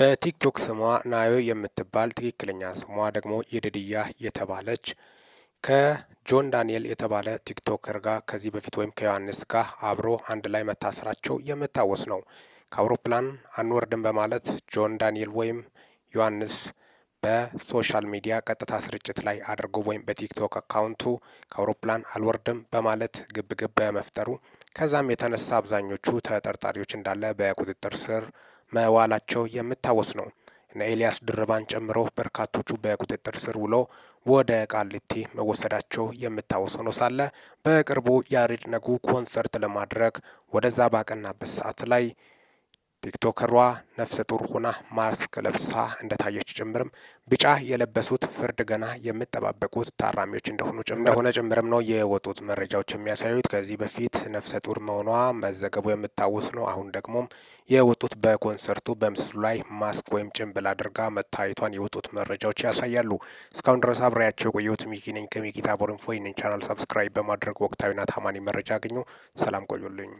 በቲክቶክ ስሟ ናዮ የምትባል ትክክለኛ ስሟ ደግሞ የድድያ የተባለች ከጆን ዳንኤል የተባለ ቲክቶከር ጋር ከዚህ በፊት ወይም ከዮሐንስ ጋር አብሮ አንድ ላይ መታሰራቸው የሚታወስ ነው። ከአውሮፕላን አንወርድም በማለት ጆን ዳንኤል ወይም ዮሐንስ በሶሻል ሚዲያ ቀጥታ ስርጭት ላይ አድርጎ ወይም በቲክቶክ አካውንቱ ከአውሮፕላን አልወርድም በማለት ግብግብ በመፍጠሩ ከዛም የተነሳ አብዛኞቹ ተጠርጣሪዎች እንዳለ በቁጥጥር ስር መዋላቸው የሚታወስ ነው። እነ ኤልያስ ድርባን ጨምሮ በርካቶቹ በቁጥጥር ስር ውሎ ወደ ቃሊቲ መወሰዳቸው የሚታወስ ሆኖ ሳለ በቅርቡ ያሬድ ነጉ ኮንሰርት ለማድረግ ወደዛ ባቀናበት ሰዓት ላይ ቲክቶከሯ ነፍሰ ጡር ሆና ማስክ ለብሳ እንደታየች ጭምርም ቢጫ የለበሱት ፍርድ ገና የምጠባበቁት ታራሚዎች እንደሆኑ እንደሆነ ጭምርም ነው የወጡት መረጃዎች የሚያሳዩት። ከዚህ በፊት ነፍሰ ጡር መሆኗ መዘገቡ የምታወስ ነው። አሁን ደግሞም የወጡት በኮንሰርቱ በምስሉ ላይ ማስክ ወይም ጭንብል አድርጋ መታየቷን የወጡት መረጃዎች ያሳያሉ። እስካሁን ድረስ አብሬያቸው የቆየሁት ሚኪ ነኝ ከሚኪታ ቦርንፎ። ይህንን ቻናል ሰብስክራይብ በማድረግ ወቅታዊና ታማኒ መረጃ አገኙ ሰላም ቆዩልኝ።